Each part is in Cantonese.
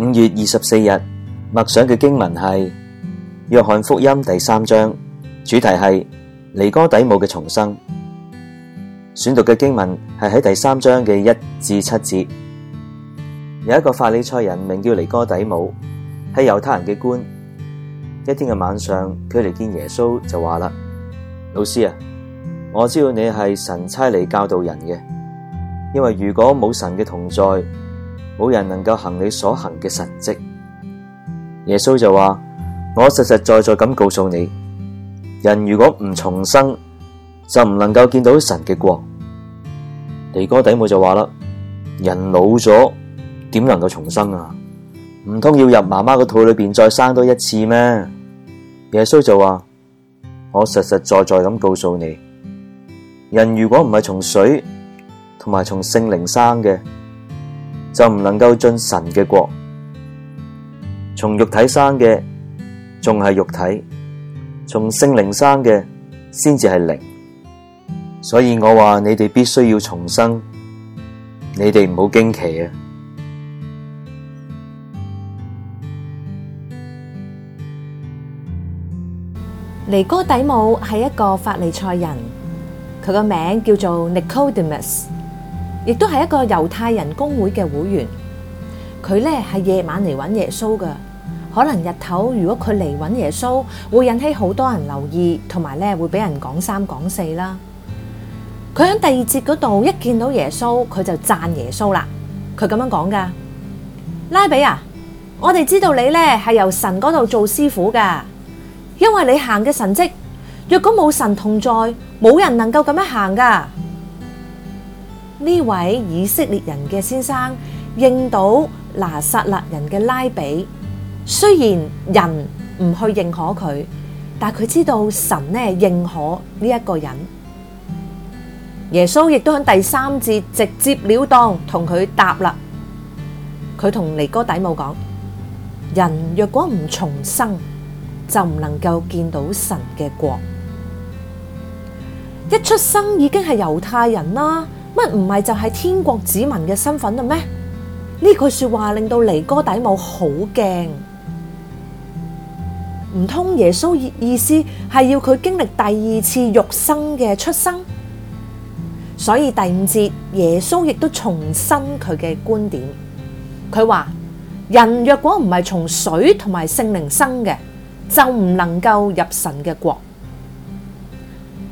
五月二十四日默想嘅經文係《約翰福音》第三章，主題係尼哥底母嘅重生。選讀嘅經文係喺第三章嘅一至七節。有一個法利賽人名叫尼哥底母，係猶太人嘅官。一天嘅晚上，佢嚟見耶穌就，就話啦：老師啊，我知道你係神差嚟教導人嘅，因為如果冇神嘅同在，冇人能夠行你所行嘅神蹟，耶穌就話：我實實在在咁告訴你，人如果唔重生，就唔能夠見到神嘅國。尼哥底母就話啦：人老咗點能夠重生啊？唔通要入媽媽個肚裏邊再生多一次咩？耶穌就話：我實實在在咁告訴你，人如果唔係從水同埋從聖靈生嘅。就唔能夠進神嘅國，從肉體生嘅仲係肉體，從聖靈生嘅先至係靈。所以我話你哋必須要重生，你哋唔好驚奇啊！尼哥底母係一個法利賽人，佢個名叫做 Nicodemus。亦都係一個猶太人公會嘅會員，佢呢係夜晚嚟揾耶穌噶，可能日頭如果佢嚟揾耶穌，會引起好多人留意，同埋呢會俾人講三講四啦。佢喺第二節嗰度一見到耶穌，佢就讚耶穌啦。佢咁樣講噶，拉比啊，我哋知道你呢係由神嗰度做師傅噶，因為你行嘅神跡，若果冇神同在，冇人能夠咁樣行噶。呢位以色列人嘅先生認到拿撒勒人嘅拉比，雖然人唔去認可佢，但佢知道神呢認可呢一個人。耶穌亦都喺第三節直接了當同佢答啦，佢同尼哥底母講：人若果唔重生，就唔能夠見到神嘅國。一出生已經係猶太人啦。乜唔係就係天國子民嘅身份嘞咩？呢句說話令到尼哥底母好驚，唔通耶穌意思係要佢經歷第二次肉身嘅出生？所以第五節耶穌亦都重申佢嘅觀點，佢話人若果唔係從水同埋聖靈生嘅，就唔能夠入神嘅國。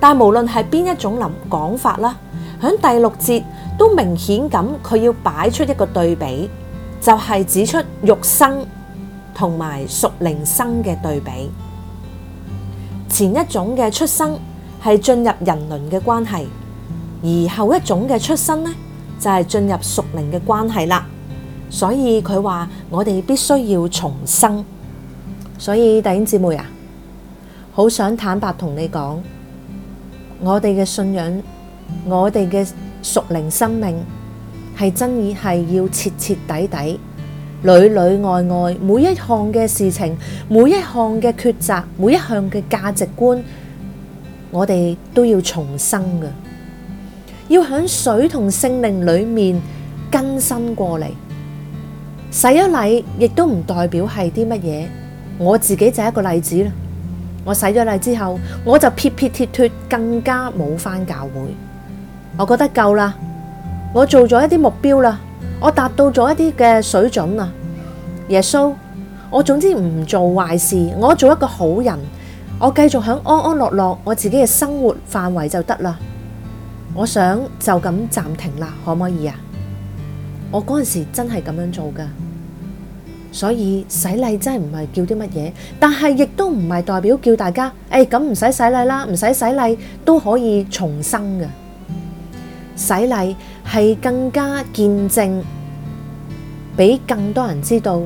但無論係邊一種諗講法啦，喺第六節都明顯咁，佢要擺出一個對比，就係指出肉生同埋屬靈生嘅對比。前一種嘅出生係進入人倫嘅關係，而後一種嘅出生呢，就係進入屬靈嘅關係啦。所以佢話我哋必須要重生，所以弟兄姊妹啊，好想坦白同你講。我哋嘅信仰，我哋嘅屬靈生命係真係要徹徹底底、裏裏外外每一項嘅事情、每一項嘅抉擇、每一項嘅價值觀，我哋都要重生嘅，要喺水同聖靈裏面更新過嚟。洗咗禮亦都唔代表係啲乜嘢，我自己就係一個例子啦。我洗咗禮之後，我就撇撇脫脫，更加冇返教會。我覺得夠啦，我做咗一啲目標啦，我達到咗一啲嘅水準啦。耶穌，我總之唔做壞事，我做一個好人，我繼續響安安樂樂我自己嘅生活範圍就得啦。我想就咁暫停啦，可唔可以啊？我嗰陣時真係咁樣做噶。所以洗禮真係唔係叫啲乜嘢，但係亦都唔係代表叫大家，誒，咁唔使洗禮啦，唔使洗禮都可以重生嘅。洗禮係更加見證，俾更多人知道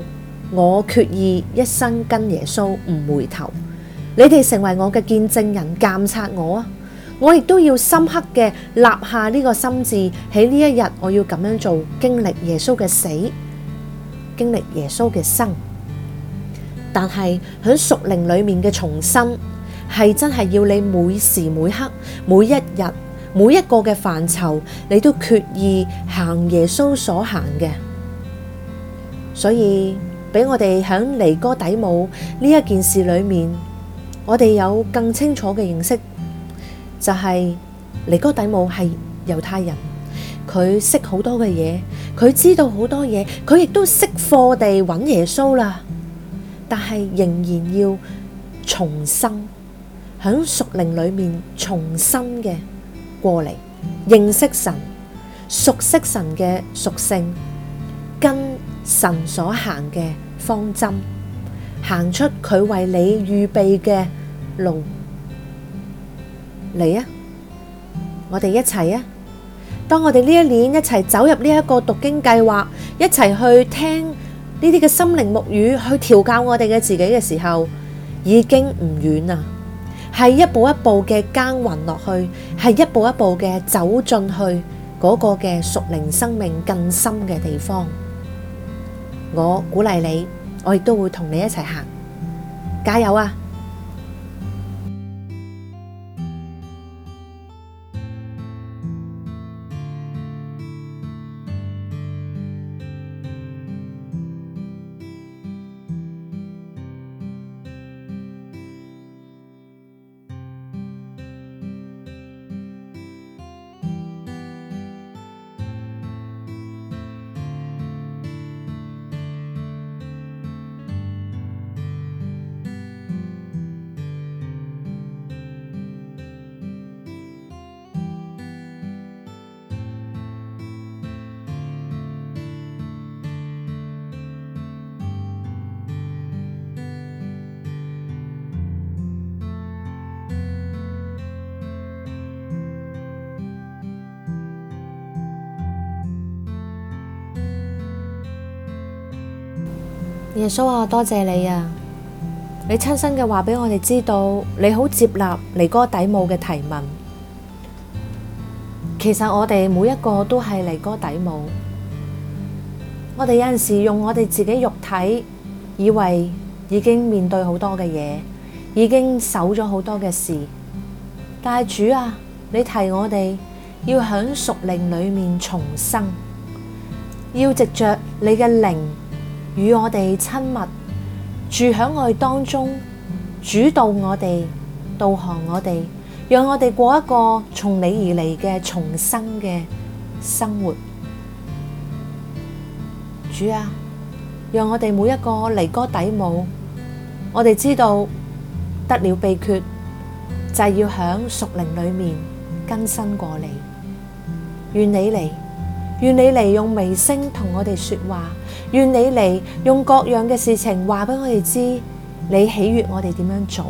我決意一生跟耶穌唔回頭。你哋成為我嘅見證人，監察我啊！我亦都要深刻嘅立下呢個心志，喺呢一日我要咁樣做，經歷耶穌嘅死。經歷耶穌嘅生，但係喺屬靈裏面嘅重生，係真係要你每時每刻、每一日、每一個嘅範疇，你都決意行耶穌所行嘅。所以俾我哋喺尼哥底母呢一件事裏面，我哋有更清楚嘅認識，就係尼哥底母係猶太人，佢識好多嘅嘢。佢知道好多嘢，佢亦都識貨地揾耶穌啦，但係仍然要重生，響屬靈裏面重新嘅過嚟，認識神，熟悉神嘅屬性，跟神所行嘅方針，行出佢為你預備嘅路嚟啊！我哋一齊啊！當我哋呢一年一齊走入呢一個讀經計劃，一齊去聽呢啲嘅心靈牧語，去調教我哋嘅自己嘅時候，已經唔遠啦，係一步一步嘅耕耘落去，係一步一步嘅走進去嗰個嘅屬靈生命更深嘅地方。我鼓勵你，我亦都會同你一齊行，加油啊！耶穌啊，多謝你啊！你親身嘅話畀我哋知道，你好接納尼哥底母嘅提問。其實我哋每一個都係尼哥底母。我哋有陣時用我哋自己肉體，以為已經面對好多嘅嘢，已經守咗好多嘅事。但係主啊，你提我哋要響屬靈裏面重生，要藉着你嘅靈。與我哋親密住響我哋當中，主導我哋，導航我哋，讓我哋過一個從你而嚟嘅重生嘅生活。主啊，讓我哋每一個尼哥底母，我哋知道得了秘訣，就係、是、要響屬靈裏面更新過嚟，願你嚟。願你嚟用微聲同我哋說話，願你嚟用各樣嘅事情話俾我哋知，你喜悅我哋點樣做，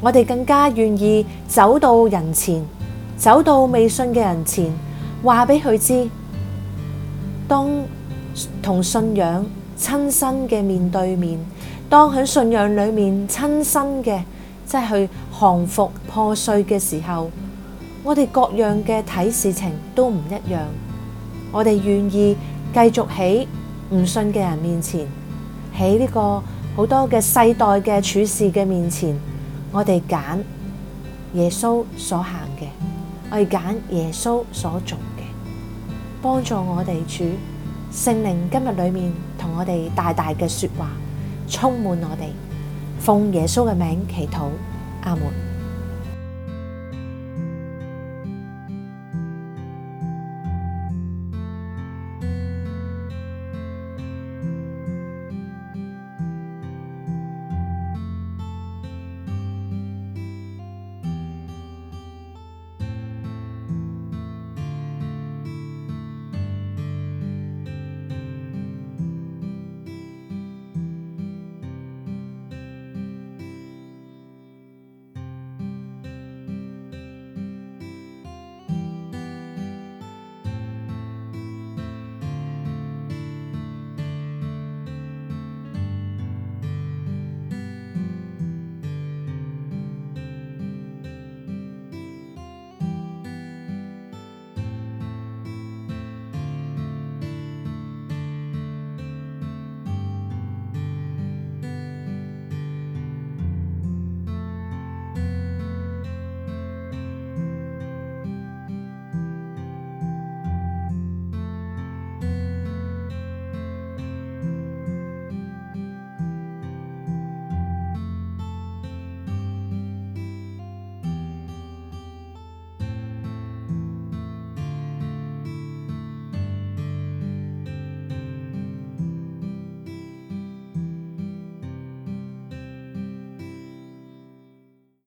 我哋更加願意走到人前，走到未信嘅人前，話俾佢知。當同信仰親身嘅面對面，當喺信仰裏面親身嘅，即係去降服破碎嘅時候。我哋各樣嘅睇事情都唔一樣，我哋願意繼續喺唔信嘅人面前，喺呢個好多嘅世代嘅處事嘅面前，我哋揀耶穌所行嘅，我哋揀耶穌所做嘅，幫助我哋主聖靈今日裏面同我哋大大嘅說話，充滿我哋，奉耶穌嘅名祈禱，阿門。